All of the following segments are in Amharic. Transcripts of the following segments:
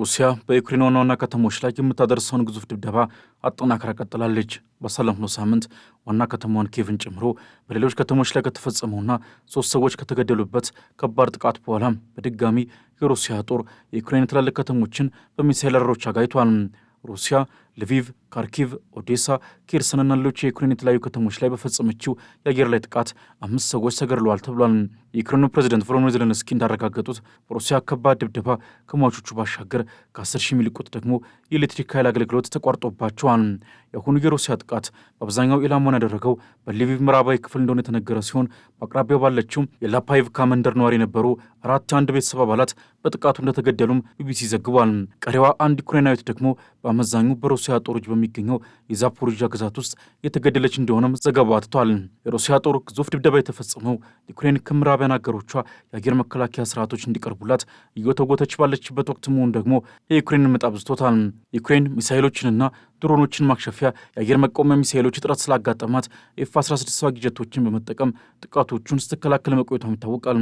ሩሲያ በዩክሬን ዋና ዋና ከተሞች ላይ የምታደርሰውን ግዙፍ ድብደባ አጠናክራ ቀጥላለች። ባሳለፍነው ሳምንት ዋና ከተማዋን ኬቭን ጨምሮ በሌሎች ከተሞች ላይ ከተፈጸመውና ሶስት ሰዎች ከተገደሉበት ከባድ ጥቃት በኋላ በድጋሚ የሩሲያ ጦር የዩክሬን ትላልቅ ከተሞችን በሚሳይል አረሮች አጋይቷል። ሩሲያ ልቪቭ፣ ካርኪቭ፣ ኦዴሳ፣ ኬርሰንና ሌሎች የዩክሬን የተለያዩ ከተሞች ላይ በፈጸመችው የአየር ላይ ጥቃት አምስት ሰዎች ተገድለዋል ተብሏል። የዩክሬኑ ፕሬዚደንት ቮሎዲሚር ዜለንስኪ እንዳረጋገጡት በሩሲያ ከባድ ድብደባ ከሟቾቹ ባሻገር ከ10 ሺህ የሚልቁት ደግሞ የኤሌክትሪክ ኃይል አገልግሎት ተቋርጦባቸዋል። የአሁኑ የሩሲያ ጥቃት በአብዛኛው ኢላማን ያደረገው በሊቪቭ ምዕራባዊ ክፍል እንደሆነ የተነገረ ሲሆን በአቅራቢያው ባለችው የላፓይቭካ መንደር ነዋሪ የነበሩ አራት የአንድ ቤተሰብ አባላት በጥቃቱ እንደተገደሉም ቢቢሲ ዘግቧል። ቀሪዋ አንድ ዩክሬናዊት ደግሞ በአመዛኙ በሩሲያ የሩሲያ ጦሮች በሚገኘው የዛፖሮዣ ግዛት ውስጥ የተገደለች እንደሆነም ዘገባ ትቷል። የሩሲያ ጦር ግዙፍ ድብደባ የተፈጸመው ዩክሬን ከምዕራቢያን አገሮቿ የአየር መከላከያ ስርዓቶች እንዲቀርቡላት እየተጎተች ባለችበት ወቅት መሆኑ ደግሞ የዩክሬንን ምጣብ ዝቶታል። ዩክሬን ሚሳይሎችንና ድሮኖችን ማክሸፊያ የአየር መቃወሚያ ሚሳይሎች እጥረት ስላጋጠማት ኤፍ 16 ተዋጊ ጀቶችን በመጠቀም ጥቃቶቹን ስትከላከል መቆየቷም ይታወቃል።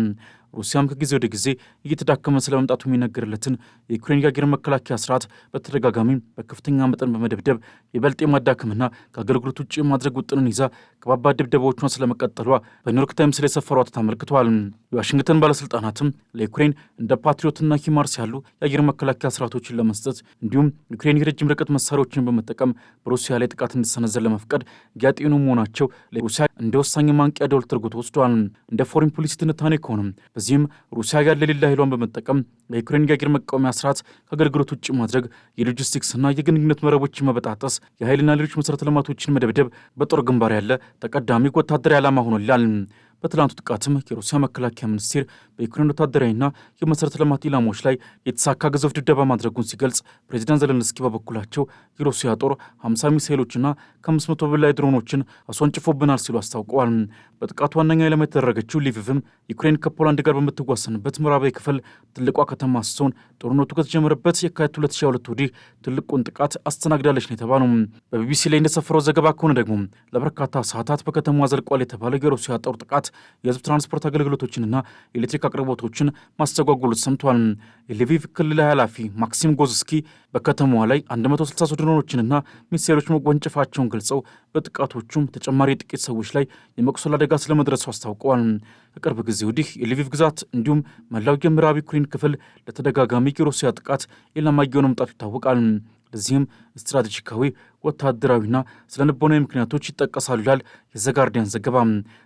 ሩሲያም ከጊዜ ወደ ጊዜ እየተዳከመ ስለመምጣቱ የሚነገርለትን የዩክሬን የአየር መከላከያ ስርዓት በተደጋጋሚ በከፍተኛ መጠን በመደብደብ የበልጥ የማዳከምና ከአገልግሎት ውጭ የማድረግ ውጥንን ይዛ ከባባድ ድብደባዎቿን ስለመቀጠሏ በኒውዮርክ ታይምስ ላይ የሰፈሯት ተመልክተዋል። የዋሽንግተን ባለስልጣናትም ለዩክሬን እንደ ፓትሪዮትና ሂማርስ ያሉ የአየር መከላከያ ስርዓቶችን ለመስጠት እንዲሁም ዩክሬን የረጅም ርቀት መሳሪያዎችን በመጠቀም በሩሲያ ላይ ጥቃት እንዲሰነዘር ለመፍቀድ ጊያጤኑ መሆናቸው ለሩሲያ እንደ ወሳኝ ማንቂያ ደወል ተደርጎ ተወስዷል። እንደ ፎሪን ፖሊሲ ትንታኔ ከሆነም በዚህም ሩሲያ ጋር ለሌላ ኃይሏን በመጠቀም ለዩክሬን የአየር መቃወሚያ ስርዓት ከአገልግሎት ውጭ ማድረግ፣ የሎጂስቲክስና የግንኙነት መረቦችን መበጣጠስ፣ የኃይልና ሌሎች መሠረተ ልማቶችን መደብደብ በጦር ግንባር ያለ ተቀዳሚ ወታደራዊ ዓላማ ሆኖላል። በትላንቱ ጥቃትም የሩሲያ መከላከያ ሚኒስቴር በዩክሬን ወታደራዊና የመሠረተ ልማት ኢላማዎች ላይ የተሳካ ግዙፍ ድብደባ ማድረጉን ሲገልጽ፣ ፕሬዚዳንት ዘለንስኪ በበኩላቸው የሩሲያ ጦር 50 ሚሳይሎችና ከ500 በላይ ድሮኖችን አስወንጭፎብናል ሲሉ አስታውቀዋል። በጥቃቱ ዋነኛ ኢላማ የተደረገችው ሊቪቭም ዩክሬን ከፖላንድ ጋር በምትዋሰንበት ምዕራባዊ ክፍል ትልቋ ከተማ ስትሆን ጦርነቱ ከተጀመረበት የካቲት 2022 ወዲህ ትልቁን ጥቃት አስተናግዳለች ነው የተባለው። በቢቢሲ ላይ እንደሰፈረው ዘገባ ከሆነ ደግሞ ለበርካታ ሰዓታት በከተማዋ ዘልቋል የተባለው የሩሲያ ጦር ጥቃት የህዝብ ትራንስፖርት አገልግሎቶችንና የኤሌክትሪክ አቅርቦቶችን ማስተጓጎሉ ሰምቷል። የሌቪቭ ክልል ኃላፊ ማክሲም ጎዝስኪ በከተማዋ ላይ 163 ድሮኖችንና ሚሳይሎች መጎንጨፋቸውን ገልጸው በጥቃቶቹም ተጨማሪ ጥቂት ሰዎች ላይ የመቁሰል አደጋ ስለመድረሱ አስታውቀዋል። ከቅርብ ጊዜ ወዲህ የሌቪቭ ግዛት እንዲሁም መላው የምዕራብ ዩክሬን ክፍል ለተደጋጋሚ የሩሲያ ጥቃት ኢላማ እየሆነ መምጣቱ ይታወቃል። ለዚህም ስትራቴጂካዊ ወታደራዊና ስነ ልቦናዊ ምክንያቶች ይጠቀሳሉ ይላል የዘጋርዲያን ዘገባ።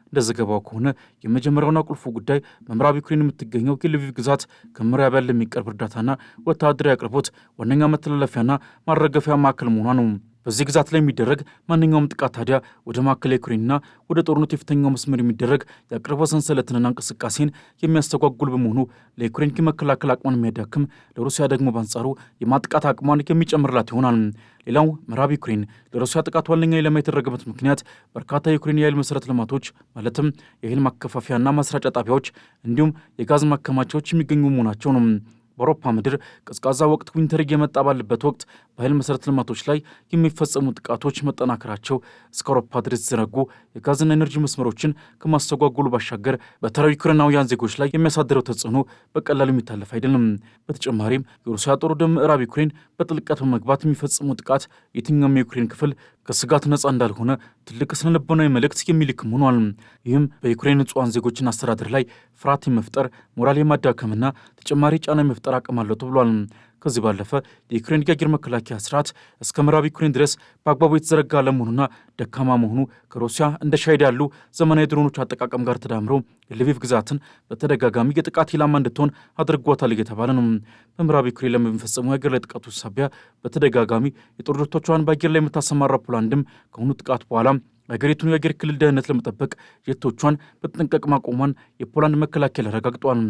እንደ ዘገባው ከሆነ የመጀመሪያውና ቁልፉ ጉዳይ በምዕራብ ዩክሬን የምትገኘው የልቪቭ ግዛት ከምዕራብ ያለ የሚቀርብ እርዳታና ወታደራዊ አቅርቦት ዋነኛ መተላለፊያና ማረገፊያ ማዕከል መሆኗ ነው። በዚህ ግዛት ላይ የሚደረግ ማንኛውም ጥቃት ታዲያ ወደ ማዕከላዊ ዩክሬንና ወደ ጦርነቱ የፊተኛው መስመር የሚደረግ የአቅርቦት ሰንሰለትንና እንቅስቃሴን የሚያስተጓጉል በመሆኑ ለዩክሬን መከላከል አቅሟን የሚያዳክም፣ ለሩሲያ ደግሞ በአንጻሩ የማጥቃት አቅሟን የሚጨምርላት ይሆናል። ሌላው ምዕራብ ዩክሬን ለሩሲያ ጥቃት ዋነኛ ኢላማ የተደረገበት ምክንያት በርካታ የዩክሬን የኃይል መሠረተ ልማቶች ማለትም የኃይል ማከፋፊያና ማስራጫ ጣቢያዎች እንዲሁም የጋዝ ማከማቻዎች የሚገኙ መሆናቸው ነው። በአውሮፓ ምድር ቀዝቃዛ ወቅት ዊንተር እየመጣ ባለበት ወቅት በኃይል መሠረተ ልማቶች ላይ የሚፈጸሙ ጥቃቶች መጠናከራቸው እስከ አውሮፓ ድረስ የተዘረጉ የጋዝና ኤነርጂ መስመሮችን ከማስተጓጎሉ ባሻገር በተራው ዩክሬናውያን ዜጎች ላይ የሚያሳድረው ተጽዕኖ በቀላሉ የሚታለፍ አይደለም። በተጨማሪም የሩሲያ ጦር ወደ ምዕራብ ዩክሬን በጥልቀት በመግባት የሚፈጽሙ ጥቃት የትኛውም የዩክሬን ክፍል ከስጋት ነጻ እንዳልሆነ ትልቅ ስነልቦናዊ መልእክት የሚልክም ሆኗል። ይህም በዩክሬን ንጹሐን ዜጎችን አስተዳደር ላይ ፍርሃት የመፍጠር ሞራል የማዳከምና ተጨማሪ ጫና የመፍጠር አቅም አለው ተብሏል። ከዚህ ባለፈ የዩክሬን የአየር መከላከያ ስርዓት እስከ ምዕራብ ዩክሬን ድረስ በአግባቡ የተዘረጋ አለመሆኑና ደካማ መሆኑ ከሩሲያ እንደ ሻይድ ያሉ ዘመናዊ ድሮኖች አጠቃቀም ጋር ተዳምሮ የልቪቭ ግዛትን በተደጋጋሚ የጥቃት ኢላማ እንድትሆን አድርጓታል እየተባለ ነው። በምዕራብ ዩክሬን ለሚፈጸሙ የአየር ላይ ጥቃቶች ሳቢያ በተደጋጋሚ የጦር ጀቶቿን በአየር ላይ የምታሰማራ ፖላንድም ከአሁኑ ጥቃት በኋላ የሀገሪቱን የአየር ክልል ደህንነት ለመጠበቅ ጀቶቿን በጥንቃቄ ማቆሟን የፖላንድ መከላከያ አረጋግጧል።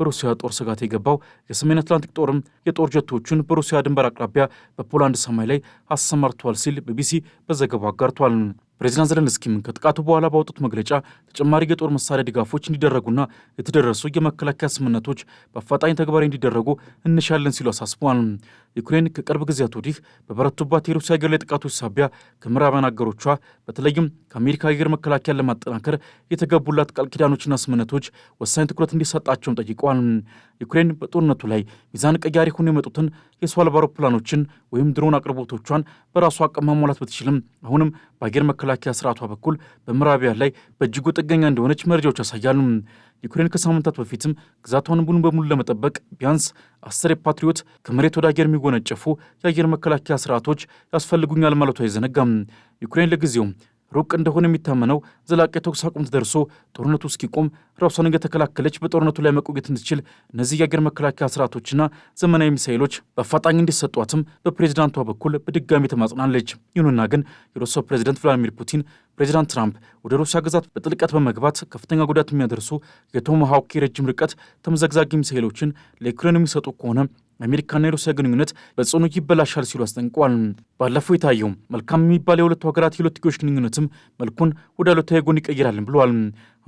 በሩሲያ ጦር ስጋት የገባው የሰሜን አትላንቲክ ጦርም የጦር ጀቶቹን በሩሲያ ድንበር አቅራቢያ በፖላንድ ሰማይ ላይ አሰማርቷል ሲል ቢቢሲ በዘገባው አጋርቷል። ፕሬዚዳንት ዘለንስኪም ከጥቃቱ በኋላ ባወጡት መግለጫ ተጨማሪ የጦር መሳሪያ ድጋፎች እንዲደረጉና የተደረሱ የመከላከያ ስምምነቶች በአፋጣኝ ተግባራዊ እንዲደረጉ እንሻለን ሲሉ አሳስበዋል። ዩክሬን ከቅርብ ጊዜያት ወዲህ በበረቱባት የሩሲያ አየር ላይ ጥቃቶች ሳቢያ ከምዕራባውያን አገሮቿ በተለይም ከአሜሪካ አየር መከላከያን ለማጠናከር የተገቡላት ቃል ኪዳኖችና ስምምነቶች ወሳኝ ትኩረት እንዲሰጣቸውም ጠይቀዋል። ዩክሬን በጦርነቱ ላይ ሚዛን ቀያሪ ሆነው የመጡትን የሰው አልባ አውሮፕላኖችን ወይም ድሮን አቅርቦቶቿን በራሷ አቅም ማሟላት ብትችልም አሁንም በአየር መከላከያ ስርዓቷ በኩል በምዕራቢያን ላይ በእጅጉ ጥገኛ እንደሆነች መረጃዎች ያሳያሉ። ዩክሬን ከሳምንታት በፊትም ግዛቷን ሙሉ በሙሉ ለመጠበቅ ቢያንስ አስር የፓትሪዮት ከመሬት ወደ አየር የሚጎነጨፉ የአየር መከላከያ ስርዓቶች ያስፈልጉኛል ማለቱ አይዘነጋም። ዩክሬን ለጊዜው ሩቅ እንደሆነ የሚታመነው ዘላቂ ተኩስ አቁም ተደርሶ ጦርነቱ እስኪቆም ራሷን ከተከላከለች በጦርነቱ ላይ መቆየት እንድትችል እነዚህ የአገር መከላከያ ስርዓቶችና ዘመናዊ ሚሳይሎች በአፋጣኝ እንዲሰጧትም በፕሬዚዳንቷ በኩል በድጋሚ ተማጽናለች። ይሁንና ግን የሩሲያው ፕሬዚዳንት ቭላዲሚር ፑቲን ፕሬዚዳንት ትራምፕ ወደ ሩሲያ ግዛት በጥልቀት በመግባት ከፍተኛ ጉዳት የሚያደርሱ የቶማሃውክ የረጅም ርቀት ተመዘግዛጊ ሚሳይሎችን ለዩክሬን የሚሰጡ ከሆነ የአሜሪካና የሩሲያ ግንኙነት በጽኑ ይበላሻል ሲሉ አስጠንቀዋል። ባለፈው የታየው መልካም የሚባል የሁለቱ ሀገራት የሁለትዮሽ ግንኙነትም መልኩን ወደ አሉታዊ ጎን ይቀይራልን ብለዋል።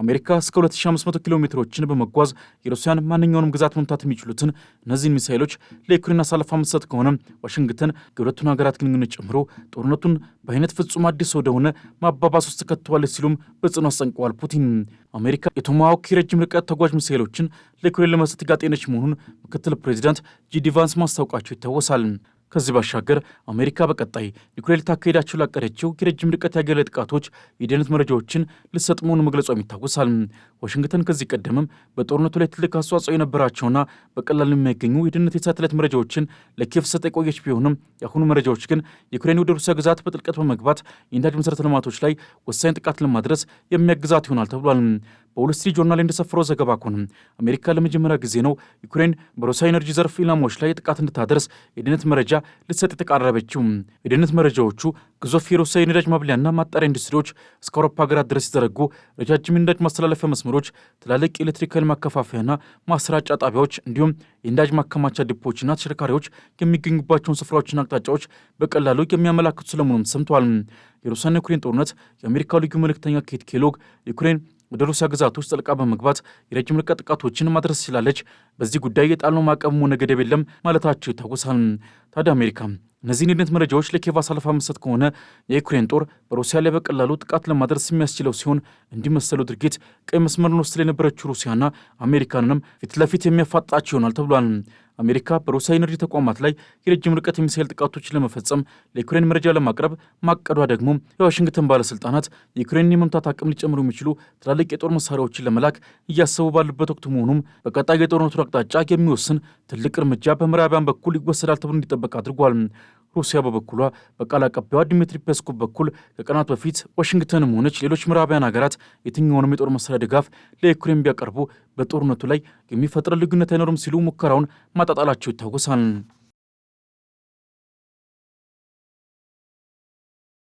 አሜሪካ እስከ 2500 ኪሎ ሜትሮችን በመጓዝ የሩሲያን ማንኛውንም ግዛት መምታት የሚችሉትን እነዚህን ሚሳይሎች ለዩክሬን አሳልፋ የምትሰጥ ከሆነ ዋሽንግተን የሁለቱን ሀገራት ግንኙነት ጨምሮ ጦርነቱን በአይነት ፍጹም አዲስ ወደሆነ ማባባስ ውስጥ ከተዋለች ሲሉም በጽኑ አስጠንቅቀዋል። ፑቲን አሜሪካ የቶማሃውክ የረጅም ርቀት ተጓዥ ሚሳይሎችን ለዩክሬን ለመስጠት ጋጤነች መሆኑን ምክትል ፕሬዚዳንት ጂዲ ቫንስ ማስታወቃቸው ይታወሳል። ከዚህ ባሻገር አሜሪካ በቀጣይ ዩክሬን ልታካሄዳቸው ላቀደችው የረጅም ርቀት ያገለ ጥቃቶች የደህንነት መረጃዎችን ልትሰጥ መሆኑ መግለጿም ይታወሳል። ዋሽንግተን ከዚህ ቀደምም በጦርነቱ ላይ ትልቅ አስተዋጽኦ የነበራቸውና በቀላል የሚያገኙ የደህንነት የሳተላይት መረጃዎችን ለኪየቭ ሰጠ የቆየች ቢሆንም የአሁኑ መረጃዎች ግን ዩክሬን ወደ ሩሲያ ግዛት በጥልቀት በመግባት የነዳጅ መሠረተ ልማቶች ላይ ወሳኝ ጥቃት ለማድረስ የሚያግዛት ይሆናል ተብሏል። በወልስትሪት ጆርናል እንደሰፈረው ዘገባ ከሆነ አሜሪካ ለመጀመሪያ ጊዜ ነው ዩክሬን በሩሲያ ኤነርጂ ዘርፍ ኢላማዎች ላይ ጥቃት እንድታደርስ የደህንነት መረጃ ልትሰጥ የተቃረበችው። የደህንነት መረጃዎቹ ግዙፍ የሩሲያ የነዳጅ ማብሊያና ማጣሪያ ኢንዱስትሪዎች እስከ አውሮፓ ሀገራት ድረስ ሲዘረጉ ረጃጅም የነዳጅ ማስተላለፊያ መስመሮች፣ ትላልቅ የኤሌክትሪክ ኃይል ማከፋፈያና ማሰራጫ ጣቢያዎች እንዲሁም የነዳጅ ማከማቻ ዲፖዎችና ተሽከርካሪዎች የሚገኙባቸውን ስፍራዎችና አቅጣጫዎች በቀላሉ የሚያመላክቱ ስለመሆኑም ሰምተዋል። የሩሲያና ዩክሬን ጦርነት የአሜሪካ ልዩ መልእክተኛ ኬት ኬሎግ ዩክሬን ወደ ሩሲያ ግዛት ውስጥ ጥልቃ በመግባት የረጅም ርቀት ጥቃቶችን ማድረስ ትችላለች። በዚህ ጉዳይ የጣልነው ማዕቀብ ሆነ ገደብ የለም ማለታቸው ይታወሳል። ታዲያ አሜሪካ እነዚህን የደህንነት መረጃዎች ለኬቭ አሳልፋ መስጠት ከሆነ የዩክሬን ጦር በሩሲያ ላይ በቀላሉ ጥቃት ለማድረስ የሚያስችለው ሲሆን እንዲመሰለው ድርጊት ቀይ መስመርን ወስዳ የነበረችው ሩሲያና አሜሪካንንም ፊት ለፊት የሚያፋጣቸው ይሆናል ተብሏል። አሜሪካ በሩሲያ ኤነርጂ ተቋማት ላይ የረጅም ርቀት የሚሳይል ጥቃቶች ለመፈጸም ለዩክሬን መረጃ ለማቅረብ ማቀዷ ደግሞ የዋሽንግተን ባለስልጣናት የዩክሬን የመምታት አቅም ሊጨምሩ የሚችሉ ትላልቅ የጦር መሳሪያዎችን ለመላክ እያሰቡ ባሉበት ወቅት መሆኑም በቀጣይ የጦርነቱን አቅጣጫ የሚወስን ትልቅ እርምጃ በምዕራቢያን በኩል ይወሰዳል ተብሎ እንዲጠበቅ አድርጓል። ሩሲያ በበኩሏ በቃል አቀባዩ ዲሚትሪ ፔስኮቭ በኩል ከቀናት በፊት ዋሽንግተንም ሆነች ሌሎች ምዕራባውያን ሀገራት የትኛውንም የጦር መሳሪያ ድጋፍ ለዩክሬን ቢያቀርቡ በጦርነቱ ላይ የሚፈጥረ ልዩነት አይኖርም ሲሉ ሙከራውን ማጣጣላቸው ይታወሳል።